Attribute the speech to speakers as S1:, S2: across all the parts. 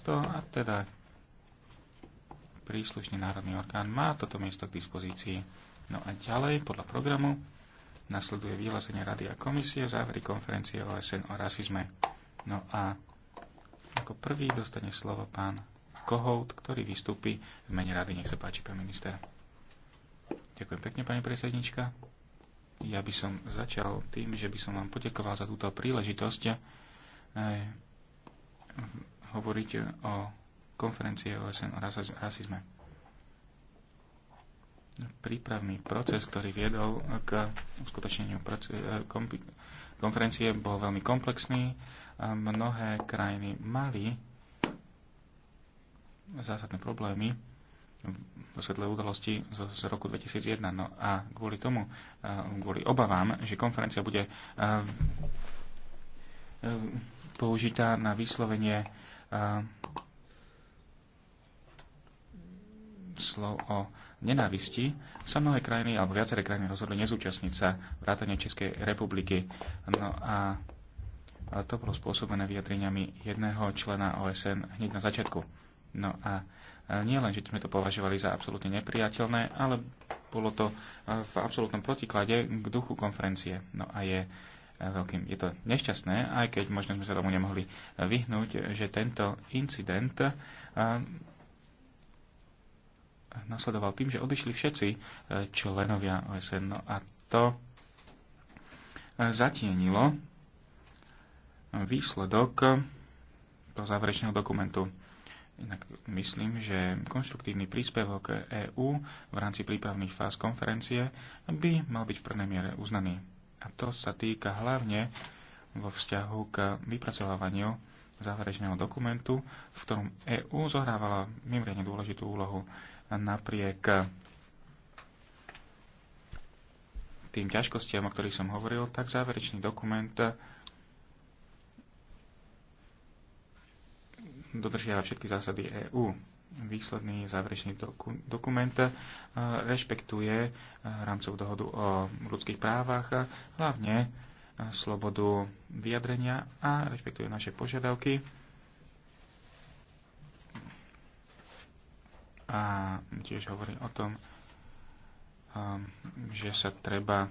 S1: miesto a teda príslušný národný orgán má toto miesto k dispozícii. No a ďalej, podľa programu, nasleduje vyhlásenie Rady a komisie závery konferencie OSN o rasizme. No a ako prvý dostane slovo pán Kohout, ktorý vystúpi v mene Rady. Nech sa páči, pán minister. Ďakujem pekne, pani predsednička. Ja by som začal tým, že by som vám poďakoval za túto príležitosť eh, hovoriť o konferencie OSN o rasizme. Prípravný proces, ktorý viedol k uskutočneniu eh, konferencie, bol veľmi komplexný. Mnohé krajiny mali zásadné problémy v svetle udalosti z, z roku 2001. No a kvôli tomu, eh, kvôli obavám, že konferencia bude eh, použitá na vyslovenie slov o nenávisti sa mnohé krajiny alebo viaceré krajiny rozhodli nezúčastniť sa vrátane Českej republiky. No a a to bolo spôsobené vyjadreniami jedného člena OSN hneď na začiatku. No a e, nie len, že sme to považovali za absolútne nepriateľné, ale bolo to e, v absolútnom protiklade k duchu konferencie. No a je veľkým. Je to nešťastné, aj keď možno sme sa tomu nemohli vyhnúť, že tento incident nasledoval tým, že odišli všetci e, členovia OSN. No a to e, zatienilo výsledok toho záverečného dokumentu. Inak myslím, že konštruktívny príspevok EÚ v rámci prípravných fáz konferencie by mal byť v prvnej miere uznaný. A to sa týka hlavne vo vzťahu k vypracovávaniu záverečného dokumentu, v ktorom EÚ zohrávala mimoriadne dôležitú úlohu napriek tým ťažkostiam, o ktorých som hovoril, tak záverečný dokument dodržiava všetky zásady EÚ výsledný záverečný doku, dokument e, rešpektuje e, rámcov dohodu o ľudských právach, e, hlavne slobodu vyjadrenia a rešpektuje naše požiadavky. A tiež hovorí o tom, ehm, že sa treba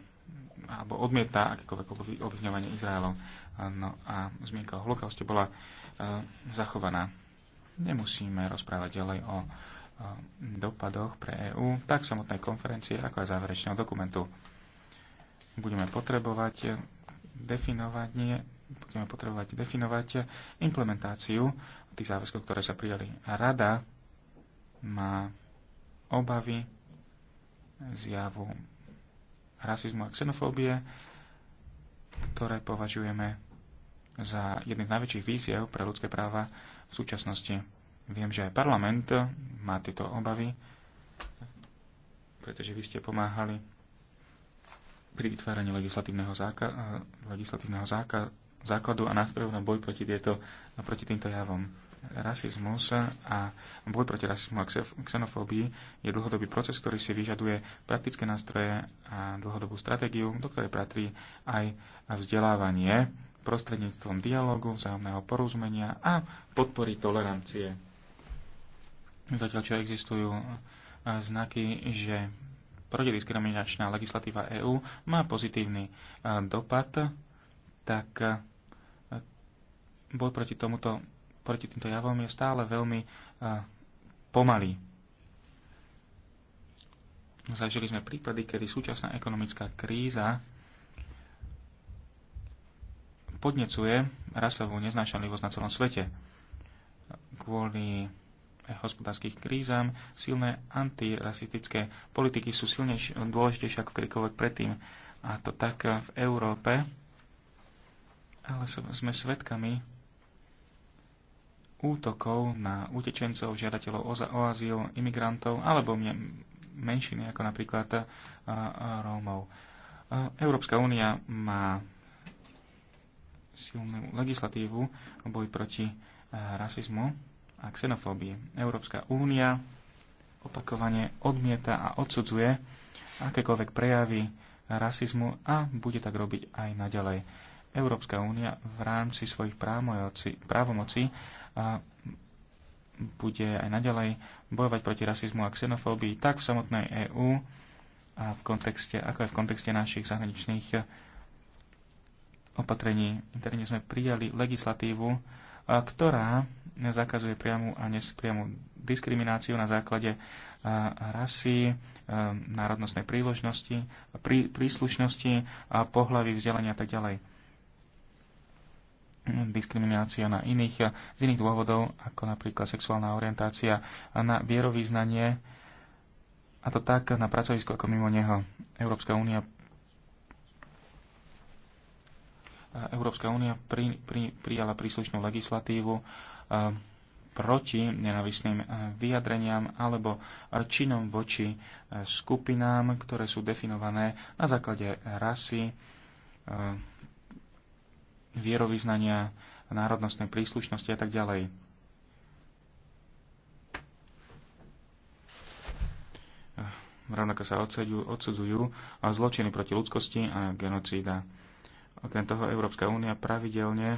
S1: alebo odmieta akékoľvek obvňovanie Izraelom. No a zmienka o holokauste bola zachovaná nemusíme rozprávať ďalej o dopadoch pre EÚ, tak samotnej konferencie, ako aj záverečného dokumentu. Budeme potrebovať definovať, nie, budeme potrebovať definovať implementáciu tých záväzkov, ktoré sa prijali. A rada má obavy zjavu rasizmu a xenofóbie, ktoré považujeme za jedný z najväčších víziev pre ľudské práva v súčasnosti. Viem, že aj parlament má tieto obavy, pretože vy ste pomáhali pri vytváraní legislatívneho, záka- eh, legislatívneho záka- základu a nástrojov na boj proti, tieto, proti týmto javom rasizmus a boj proti rasizmu a xenofóbii je dlhodobý proces, ktorý si vyžaduje praktické nástroje a dlhodobú stratégiu, do ktorej patrí aj vzdelávanie prostredníctvom dialogu, vzájomného porozumenia a podpory tolerancie. Zatiaľ, čo existujú e, znaky, že protidiskriminačná legislatíva EÚ má pozitívny e, dopad, tak e, boj proti, tomuto, proti týmto javom je stále veľmi pomalý. Zažili sme prípady, kedy súčasná ekonomická kríza podnecuje rasovú neznášanlivosť na celom svete. Kvôli hospodárskych krízam silné antirasistické politiky sú silnejšie, dôležitejšie ako kedykoľvek predtým. A to tak v Európe, ale sme svedkami útokov na utečencov, žiadateľov o, o azyl, imigrantov alebo menšiny, ako napríklad Rómov. Európska únia má silnú legislatívu o boji proti eh, rasizmu a xenofóbii. Európska únia opakovane odmieta a odsudzuje akékoľvek prejavy rasizmu a bude tak robiť aj naďalej. Európska únia v rámci svojich právomocí eh, bude aj naďalej bojovať proti rasizmu a xenofóbii tak v samotnej EÚ a v kontexte, ako aj v kontexte našich zahraničných eh, opatrení. Interne sme prijali legislatívu, ktorá zakazuje priamu a nespriamu diskrimináciu na základe rasy, národnostnej príložnosti, prí, príslušnosti, a pohlavy, vzdelania a tak ďalej. Diskriminácia na iných, z iných dôvodov, ako napríklad sexuálna orientácia a na vierovýznanie, a to tak na pracovisku ako mimo neho. Európska únia Európska únia pri, pri, prijala príslušnú legislatívu eh, proti nenavisným eh, vyjadreniam alebo eh, činom voči skupinám, ktoré sú definované na základe rasy, vierovýznania, národnostnej príslušnosti a tak ďalej. Rovnako sa odsudzujú zločiny proti ľudskosti a genocída. Okrem toho Európska únia pravidelne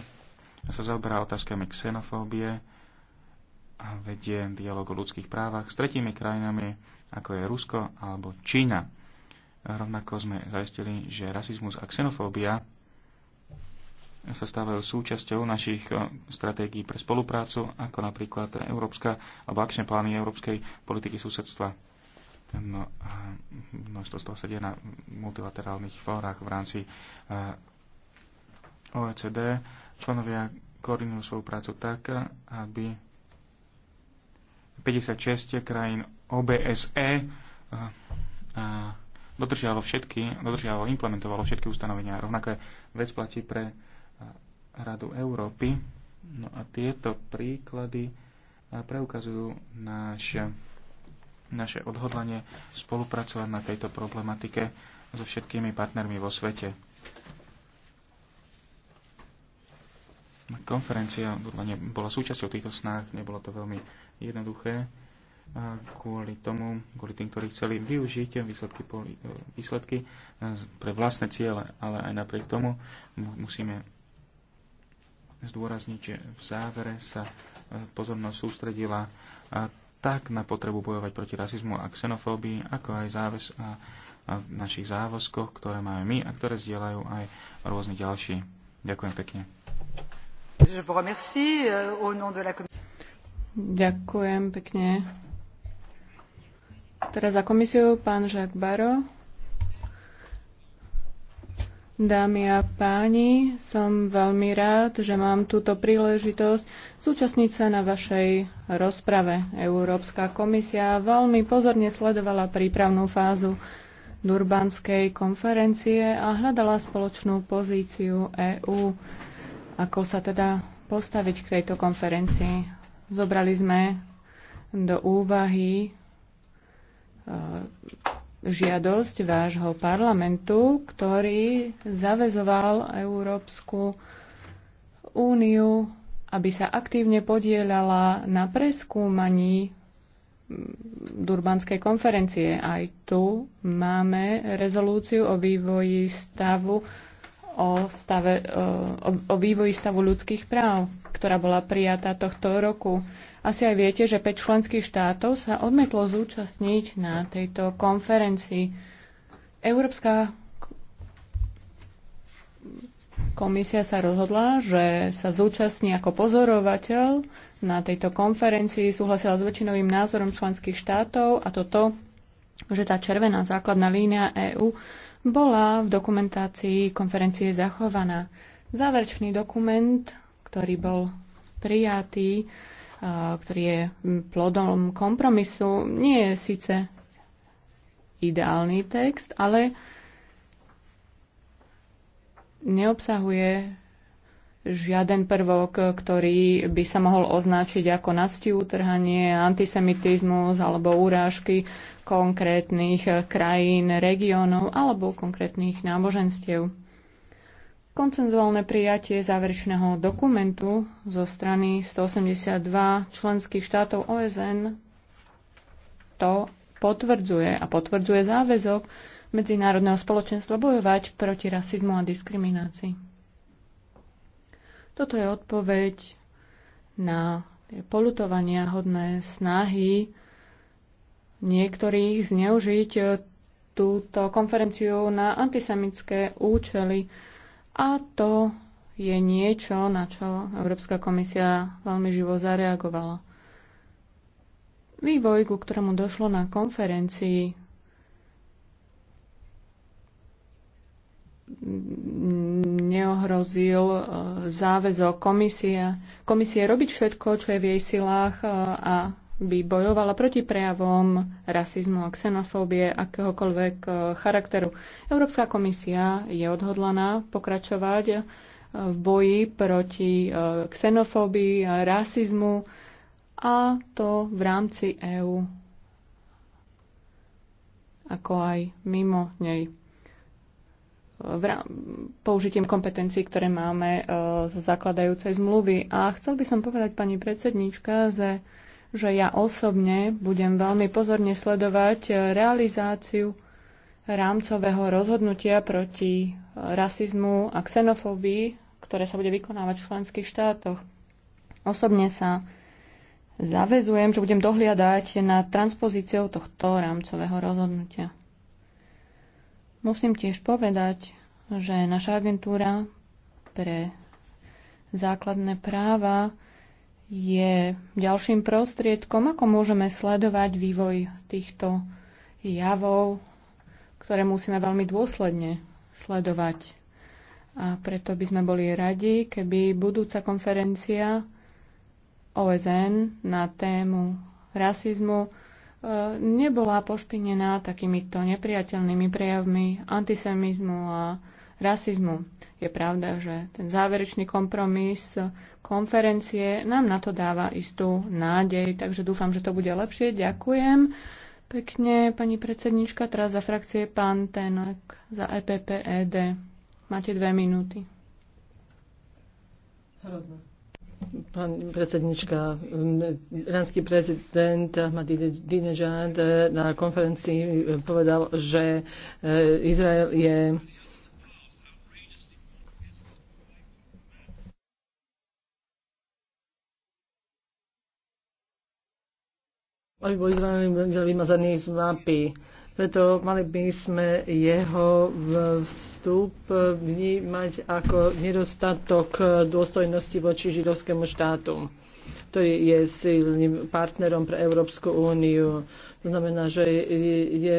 S1: sa zaoberá otázkami xenofóbie a vedie dialog o ľudských právach s tretími krajinami, ako je Rusko alebo Čína. A rovnako sme zaistili, že rasizmus a xenofóbia sa stávajú súčasťou našich eh, stratégií pre spoluprácu, ako napríklad Európska, alebo akčné plány Európskej politiky susedstva. No a množstvo z toho sa na multilaterálnych fórach v rámci eh, OECD členovia koordinujú svoju prácu tak, aby 56 krajín OBSE eh, eh, dodržiavalo všetky, dodržiavalo, implementovalo všetky ustanovenia. Rovnaké vec platí pre eh, Radu Európy. No a tieto príklady preukazujú náš, naše odhodlanie spolupracovať na tejto problematike so všetkými partnermi vo svete. konferencia bola súčasťou týchto snách, nebolo to veľmi jednoduché kvôli tomu, kvôli tým, ktorí chceli využiť výsledky, e, výsledky e, pre vlastné ciele, ale aj napriek tomu musíme zdôrazniť, že v závere sa e, pozornosť sústredila tak na potrebu bojovať proti rasizmu a xenofóbii, ako aj záväz a, v našich závozkoch, ktoré máme my a ktoré zdieľajú aj rôzne ďalší. Ďakujem pekne.
S2: Euh,
S3: Ďakujem pekne. Teraz za komisiu pán Žak Baro. Dámy a páni, som veľmi rád, že mám túto príležitosť súčasniť sa na vašej rozprave. Európska komisia veľmi pozorne sledovala prípravnú fázu Durbanskej konferencie a hľadala spoločnú pozíciu EÚ. Ako sa teda postaviť k tejto konferencii? Zobrali sme do úvahy e, žiadosť vášho parlamentu, ktorý zavezoval Európsku úniu, aby sa aktívne podielala na preskúmaní mm, Durbanskej konferencie. Aj tu máme rezolúciu o vývoji stavu o, stave, e, o, o vývoji stavu ľudských práv, ktorá bola prijatá tohto roku. Asi aj viete, že 5 členských štátov sa odmetlo zúčastniť na tejto konferencii. Európska komisia sa rozhodla, že sa zúčastní ako pozorovateľ na tejto konferencii, súhlasila s väčšinovým názorom členských štátov a toto, že tá červená základná línia EÚ bola v dokumentácii konferencie zachovaná. Záverečný dokument, ktorý bol prijatý, ktorý je plodom kompromisu, nie je síce ideálny text, ale neobsahuje žiaden prvok, ktorý by sa mohol označiť ako nastiútrhanie, antisemitizmus alebo urážky konkrétnych krajín, regiónov alebo konkrétnych náboženstiev. Koncenzuálne prijatie záverečného dokumentu zo strany 182 členských štátov OSN to potvrdzuje a potvrdzuje záväzok medzinárodného spoločenstva bojovať proti rasizmu a diskriminácii. Toto je odpoveď na polutovania hodné snahy niektorých zneužiť túto konferenciu na antisemické účely. A to je niečo, na čo Európska komisia veľmi živo zareagovala. Vývoj, ku ktorému došlo na konferencii neohrozil e, záväzok komisie, komisie robiť všetko, čo je v jej silách e, a by bojovala proti prejavom rasizmu a xenofóbie akéhokoľvek e, charakteru. Európska komisia je odhodlaná pokračovať v boji proti xenofóbii, rasizmu a to v rámci EÚ ako aj mimo nej použitím kompetencií, ktoré máme e, zo zakladajúcej zmluvy. A chcel by som povedať pani predsedníčka, že, že ja osobne budem veľmi pozorne sledovať e, realizáciu rámcového rozhodnutia proti e, rasizmu a xenofóbii, ktoré sa bude vykonávať v členských štátoch. Osobne sa zavezujem, že budem dohliadať na transpozíciou tohto rámcového rozhodnutia. Musím tiež povedať, že naša agentúra pre základné práva je ďalším prostriedkom, ako môžeme sledovať vývoj týchto javov, ktoré musíme veľmi dôsledne sledovať. A preto by sme boli radi, keby budúca konferencia OSN na tému rasizmu nebola pošpinená takýmito nepriateľnými prejavmi antisemizmu a rasizmu. Je pravda, že ten záverečný kompromis konferencie nám na to dáva istú nádej, takže dúfam, že to bude lepšie. Ďakujem pekne, pani predsednička. Teraz za frakcie pán Tenak za EPPED. Máte dve minúty.
S2: Hrozné. Pán predsednička, iránsky prezident Ahmadinejad na konferencii e, povedal, že e, Izrael je Alebo Izrael vymazaný z mapy preto mali by sme jeho vstup vnímať ako nedostatok dôstojnosti voči židovskému štátu ktorý je silným partnerom pre Európsku úniu. To znamená, že je, je,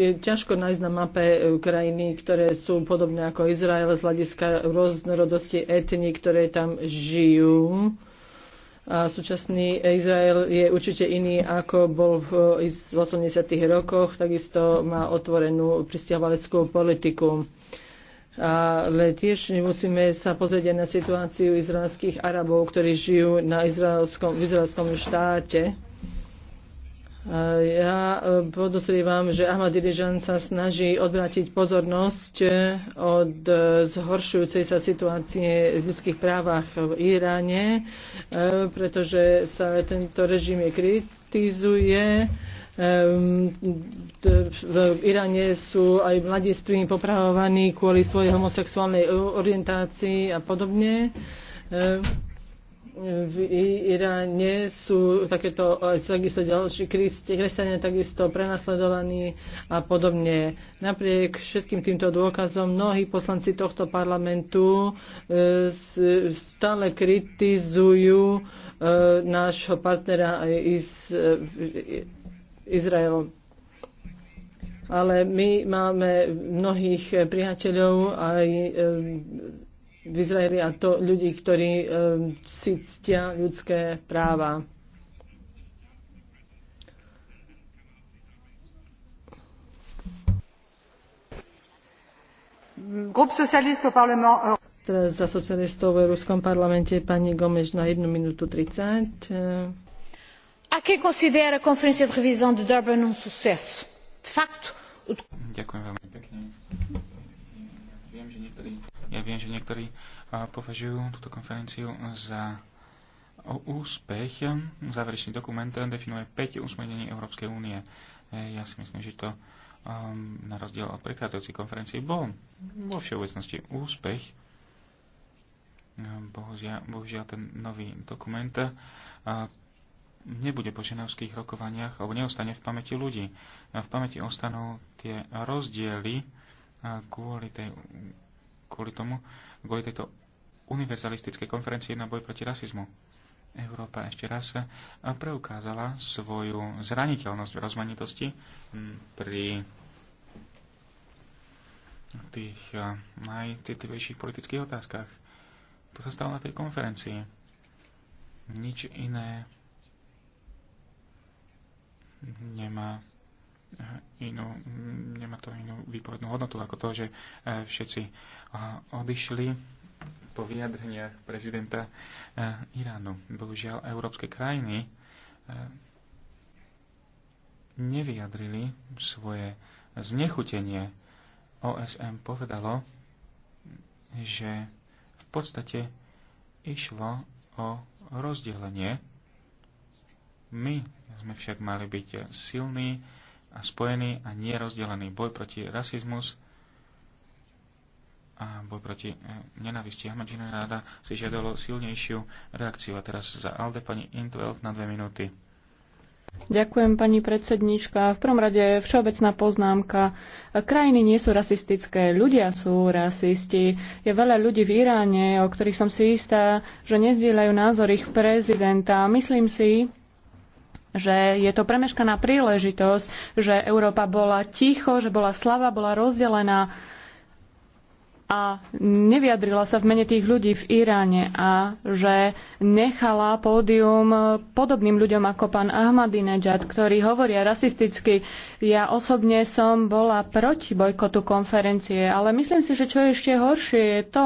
S2: je ťažko nájsť na mape krajiny, ktoré sú podobné ako Izrael z hľadiska rôznorodosti etní, ktoré tam žijú a súčasný Izrael je určite iný, ako bol v 80. rokoch. Takisto má otvorenú pristiavaleckú politiku. Ale tiež musíme sa pozrieť aj na situáciu izraelských Arabov, ktorí žijú na izraelskom, v izraelskom štáte ja e, podozrievam, že Ahmadinejad sa snaží odvrátiť pozornosť e, od e, zhoršujúcej sa situácie v ľudských právach v Iráne, pretože sa tento režim je kritizuje. Ehm, v Iráne sú aj mladiství popravovaní kvôli svojej homosexuálnej orientácii a podobne. Ehm, v Iráne sú takéto eh, takisto ďalší kresťania takisto prenasledovaní a podobne. Napriek všetkým týmto dôkazom mnohí poslanci tohto parlamentu eh, stále kritizujú eh, nášho partnera iz, Izrael ale my máme mnohých priateľov aj v Izraeli a to ľudí, ktorí e, si ctia ľudské práva. Grup socialistov parlament... Teraz za socialistov v Európskom parlamente pani Gomež na 1 minútu 30.
S3: A quem considera a Conferência de Revisão de Durban un sucesso? De facto...
S2: Ďakujem veľmi pekne.
S1: Viem, že niektorí ja viem, že niektorí považujú túto konferenciu za o úspech. Záverečný dokument definuje 5 usmernení Európskej únie. E, ja si myslím, že to um, na rozdiel od prechádzajúcej konferencie bol vo všeobecnosti úspech. Bohužiaľ, e, bohužiaľ ten nový dokument e, nebude po ženevských rokovaniach alebo neostane v pamäti ľudí. V pamäti ostanú tie rozdiely kvôli tej kvôli tomu, kvôli tejto univerzalistickej konferencii na boj proti rasizmu. Európa ešte raz preukázala svoju zraniteľnosť v rozmanitosti hm, pri tých eh, najcitlivejších politických otázkach. To sa stalo na tej konferencii. Nič iné nemá inú, nemá to inú výpovednú hodnotu ako to, že e, všetci e, odišli po vyjadreniach prezidenta e, Iránu. Bohužiaľ, európske krajiny nevyjadrili svoje znechutenie. OSM povedalo, že v podstate išlo o rozdelenie. My sme však mali byť silní, a spojený a nerozdelený boj proti rasizmus a boj proti e, nenavisti Ahmadžina ráda si žiadalo silnejšiu reakciu. A teraz za Alde pani Intveld na dve minúty.
S3: Ďakujem, pani predsedníčka. V prvom rade všeobecná poznámka. Krajiny nie sú rasistické, ľudia sú rasisti. Je veľa ľudí v Iráne, o ktorých som si istá, že nezdieľajú názor ich prezidenta. Myslím si, že je to premeškaná príležitosť, že Európa bola ticho, že bola slava, bola rozdelená a nevyjadrila sa v mene tých ľudí v Iráne a že nechala pódium podobným ľuďom ako pán Ahmadinejad, ktorí hovoria rasisticky. Ja osobne som bola proti bojkotu konferencie, ale myslím si, že čo je ešte horšie je to,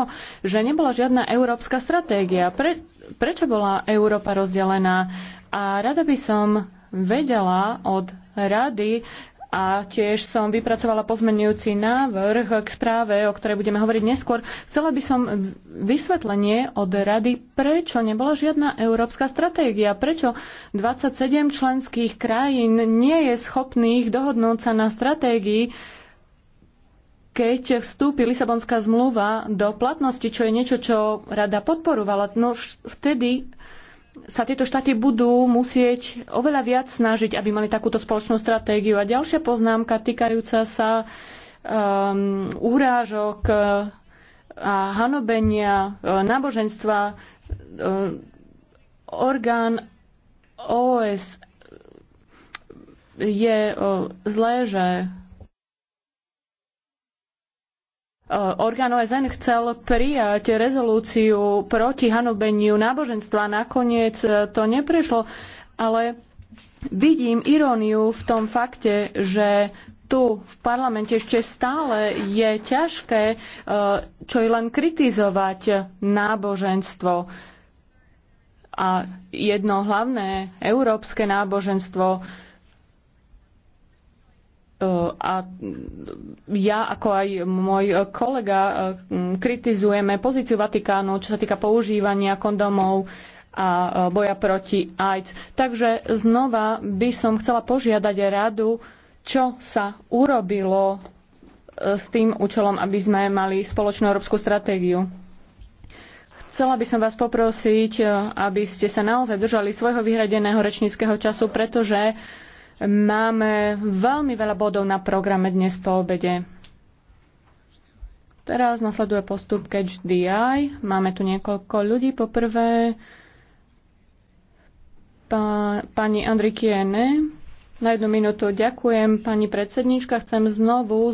S3: že nebola žiadna európska stratégia. Pre, prečo bola Európa rozdelená? A rada by som vedela od rady, a tiež som vypracovala pozmenujúci návrh k správe, o ktorej budeme hovoriť neskôr. Chcela by som vysvetlenie od rady, prečo nebola žiadna európska stratégia, prečo 27 členských krajín nie je schopných dohodnúť sa na stratégii, keď vstúpi Lisabonská zmluva do platnosti, čo je niečo, čo rada podporovala. No vtedy sa tieto štáty budú musieť oveľa viac snažiť, aby mali takúto spoločnú stratégiu. A ďalšia poznámka týkajúca sa um, úrážok uh, a hanobenia uh, náboženstva. Um, orgán OS je um, zlé, že Eh, orgán OSN chcel prijať rezolúciu proti hanobeniu náboženstva. Nakoniec eh, to neprešlo, ale vidím iróniu v tom fakte, že tu v parlamente ešte stále je ťažké eh, čo i len kritizovať náboženstvo. A jedno hlavné európske náboženstvo Eh, a ja ako aj môj kolega eh, kritizujeme pozíciu Vatikánu, čo sa týka používania kondomov a eh, boja proti AIDS. Takže znova by som chcela požiadať radu, čo sa urobilo s tým účelom, aby sme mali spoločnú európsku stratégiu. Chcela by som vás poprosiť, aby ste sa naozaj držali svojho vyhradeného rečníckého času, pretože uh, Máme veľmi veľa bodov na programe dnes po obede. Teraz nasleduje postup Catch Eye. Máme tu niekoľko ľudí. Poprvé pa, pani Andrikiene. Na jednu minútu ďakujem, pani predsednička. Chcem znovu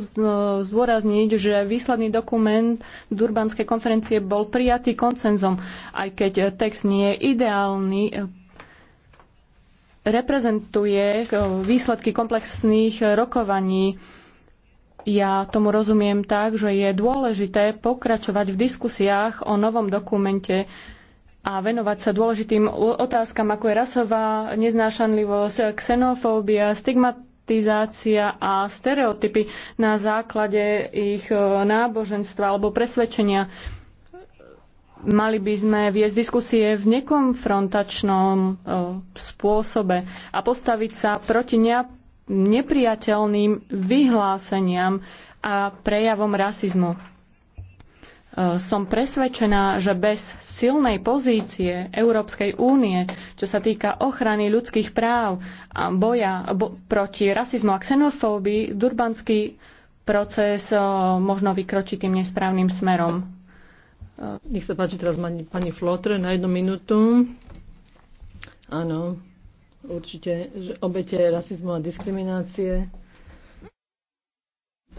S3: zdôrazniť, že výsledný dokument Durbanskej konferencie bol prijatý koncenzom, aj keď text nie je ideálny reprezentuje eh, výsledky komplexných eh, rokovaní. Ja tomu rozumiem tak, že je dôležité pokračovať v diskusiách o novom dokumente a venovať sa dôležitým otázkam, ako je rasová neznášanlivosť, eh, xenofóbia, stigmatizácia a stereotypy na základe ich náboženstva alebo presvedčenia. Mali by sme viesť diskusie v nekonfrontačnom e, spôsobe a postaviť sa proti nepriateľným vyhláseniam a prejavom rasizmu. E, som presvedčená, že bez silnej pozície Európskej únie, čo sa týka ochrany ľudských práv a boja bo- proti rasizmu a xenofóbii, durbanský proces e, možno vykročí tým nesprávnym smerom. Nech sa páči teraz pani flotre na jednu minútu.
S2: Áno, určite že obete rasizmu a diskriminácie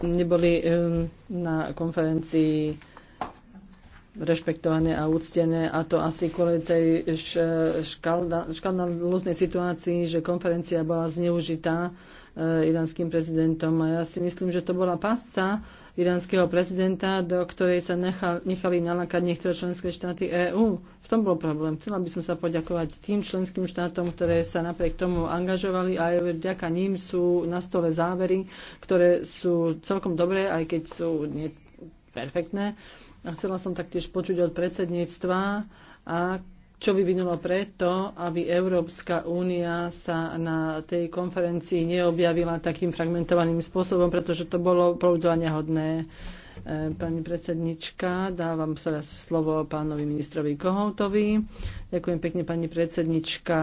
S2: neboli na konferencii rešpektované a úctené a to asi kvôli tej škandalúznej situácii, že konferencia bola zneužitá e, iránským prezidentom. A ja si myslím, že to bola pásca iránskeho prezidenta, do ktorej sa nechali nalakať niektoré členské štáty EÚ. V tom bol problém. Chcela by som sa poďakovať tým členským štátom, ktoré sa napriek tomu angažovali a aj vďaka ním sú na stole závery, ktoré sú celkom dobré, aj keď sú perfektné a chcela som taktiež počuť od predsedníctva, a čo vyvinulo preto, aby Európska únia sa na tej konferencii neobjavila takým fragmentovaným spôsobom, pretože to bolo poľudovania hodné. E, pani predsednička, dávam sa raz slovo pánovi ministrovi Kohoutovi. Ďakujem pekne, pani predsednička.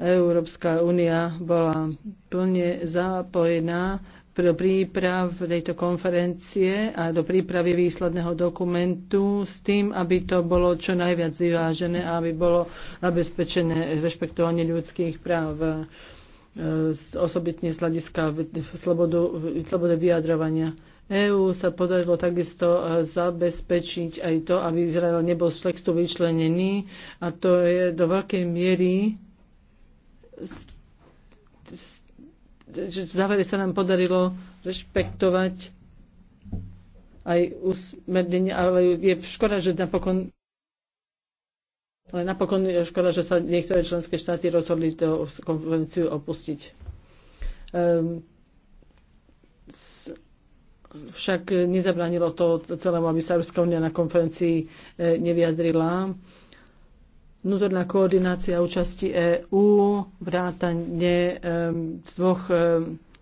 S2: Európska únia bola plne zapojená do príprav tejto konferencie a do prípravy výsledného dokumentu s tým, aby to bolo čo najviac vyvážené a aby bolo zabezpečené rešpektovanie ľudských práv e, osobitne z hľadiska slobodu, vyjadrovania. EÚ sa podarilo takisto e, zabezpečiť aj to, aby Izrael nebol z textu vyčlenený a to je do veľkej miery že v závere sa nám podarilo rešpektovať aj usmernenie, ale je škoda, že napokon ale napokon je škoda, že sa niektoré členské štáty rozhodli tú konvenciu opustiť. Um, však nezabránilo to celému, aby sa Ruská unia na konferencii eh, nevyjadrila vnútorná koordinácia účasti EÚ, vrátanie z dvoch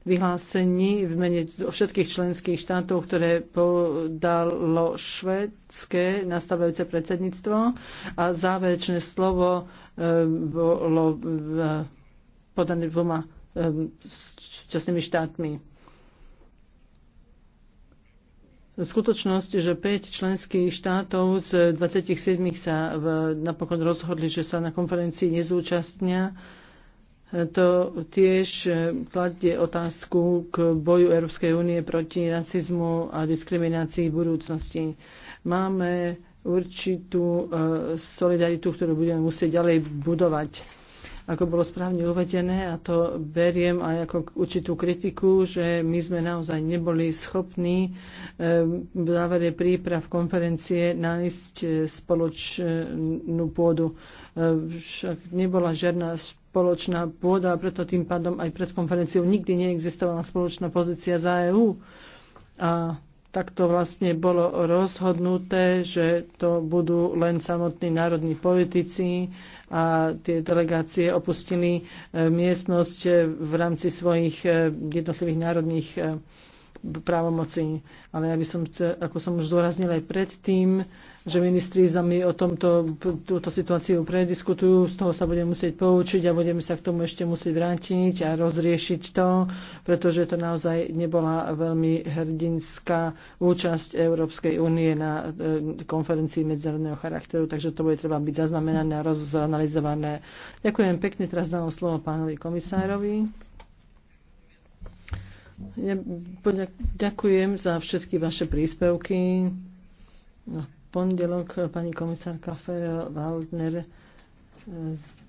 S2: vyhlásení v mene všetkých členských štátov, ktoré podalo švedské nastavujúce predsedníctvo a záverečné slovo bolo podané dvoma časnými štátmi. skutočnosť, že 5 členských štátov z 27 sa v, napokon rozhodli, že sa na konferencii nezúčastnia, to tiež eh, kladie otázku k boju Európskej únie proti racizmu a diskriminácii v budúcnosti. Máme určitú eh, solidaritu, ktorú budeme musieť ďalej budovať ako bolo správne uvedené, a to beriem aj ako určitú kritiku, že my sme naozaj neboli schopní ehm, v závere príprav konferencie nájsť e, spoločnú pôdu. E, však nebola žiadna spoločná pôda, preto tým pádom aj pred konferenciou nikdy neexistovala spoločná pozícia za EÚ. A takto vlastne bolo rozhodnuté, že to budú len samotní národní politici a tie delegácie opustili e, miestnosť e, v rámci svojich e, jednotlivých národných právomoci. Ale ja by som, chcel, ako som už zdôraznil aj predtým, že ministri za mi o tomto, túto situáciu prediskutujú, z toho sa budem musieť poučiť a budeme sa k tomu ešte musieť vrátiť a rozriešiť to, pretože to naozaj nebola veľmi hrdinská účasť Európskej únie na e, konferencii medzinárodného charakteru, takže to bude treba byť zaznamenané a rozanalizované. Ďakujem pekne, teraz dávam slovo pánovi komisárovi. Ja ďakujem za všetky vaše príspevky. V pondelok pani komisárka Fer Waldner eh,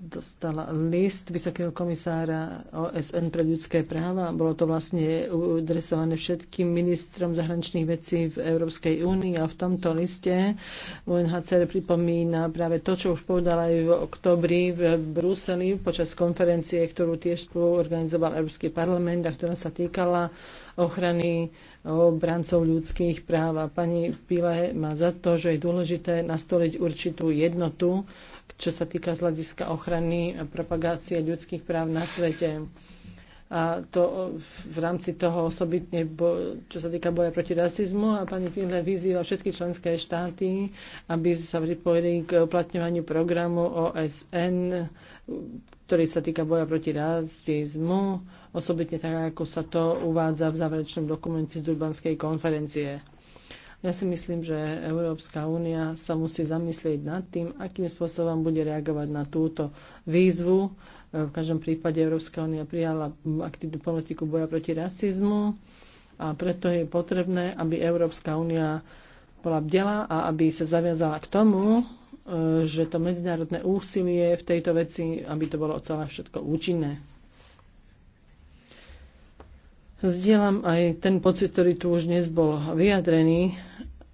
S2: dostala list Vysokého komisára OSN pre ľudské práva. Bolo to vlastne adresované všetkým ministrom zahraničných vecí v Európskej únii a v tomto liste UNHCR pripomína práve to, čo už povedala aj v oktobri v Bruseli počas konferencie, ktorú tiež spoluorganizoval Európsky parlament a ktorá sa týkala ochrany obrancov ľudských práv. A pani Pile má za to, že je dôležité nastoliť určitú jednotu čo sa týka z hľadiska ochrany a propagácie ľudských práv na svete. A to v rámci toho osobitne, bo, čo sa týka boja proti rasizmu a pani Pindle vyzýva všetky členské štáty, aby sa pripojili k uplatňovaniu programu OSN, ktorý sa týka boja proti rasizmu, osobitne tak, ako sa to uvádza v záverečnom dokumente z Durbanskej konferencie. Ja si myslím, že Európska únia sa musí zamyslieť nad tým, akým spôsobom bude reagovať na túto výzvu. V každom prípade Európska únia prijala aktívnu politiku boja proti rasizmu a preto je potrebné, aby Európska únia bola bdela a aby sa zaviazala k tomu, e, že to medzinárodné úsilie v tejto veci, aby to bolo celé všetko účinné. Zdieľam aj ten pocit, ktorý tu už dnes bol vyjadrený,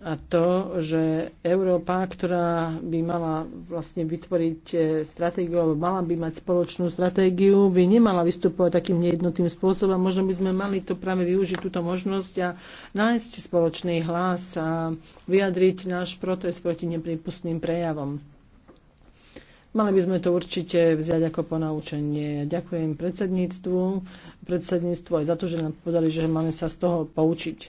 S2: a to, že Európa, ktorá by mala vlastne vytvoriť e, stratégiu, alebo mala by mať spoločnú stratégiu, by nemala vystupovať takým nejednotým spôsobom. Možno by sme mali to práve využiť túto možnosť a nájsť spoločný hlas a vyjadriť náš protest proti nepripustným prejavom. Mali by sme to určite vziať ako ponaučenie. Ďakujem predsedníctvu, predsedníctvu aj za to, že nám povedali, že máme sa z toho poučiť.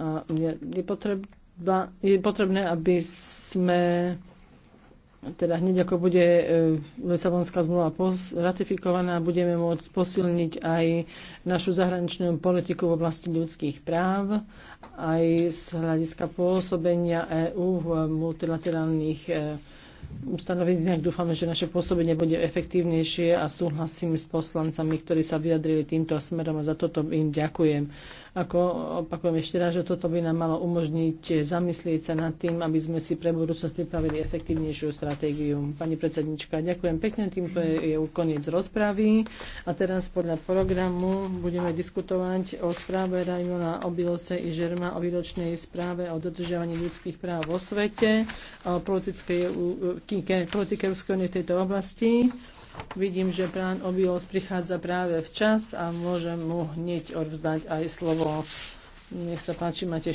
S2: A je, je, potreba, je potrebné, aby sme teda hneď ako bude e, Lisabonská zmluva ratifikovaná, budeme môcť posilniť aj našu zahraničnú politiku v oblasti ľudských práv, aj z hľadiska pôsobenia EÚ v multilaterálnych e, ustanoviť. nejak dúfame, že naše pôsobenie bude efektívnejšie a súhlasím s poslancami, ktorí sa vyjadrili týmto smerom a za toto im ďakujem. Ako opakujem ešte raz, že toto by nám malo umožniť zamyslieť sa nad tým, aby sme si pre budúcnosť pripravili efektívnejšiu stratégiu. Pani predsednička, ďakujem pekne, týmto je, je koniec rozpravy. A teraz podľa programu budeme diskutovať o správe Rajmona Obilose i Žerma o výročnej správe o dodržiavaní ľudských práv vo svete, o politike Európskej únie v tejto oblasti. Vidím, že pán Obilos prichádza práve včas a môžem mu hneď odvzdať aj slovo. Nech sa páči, máte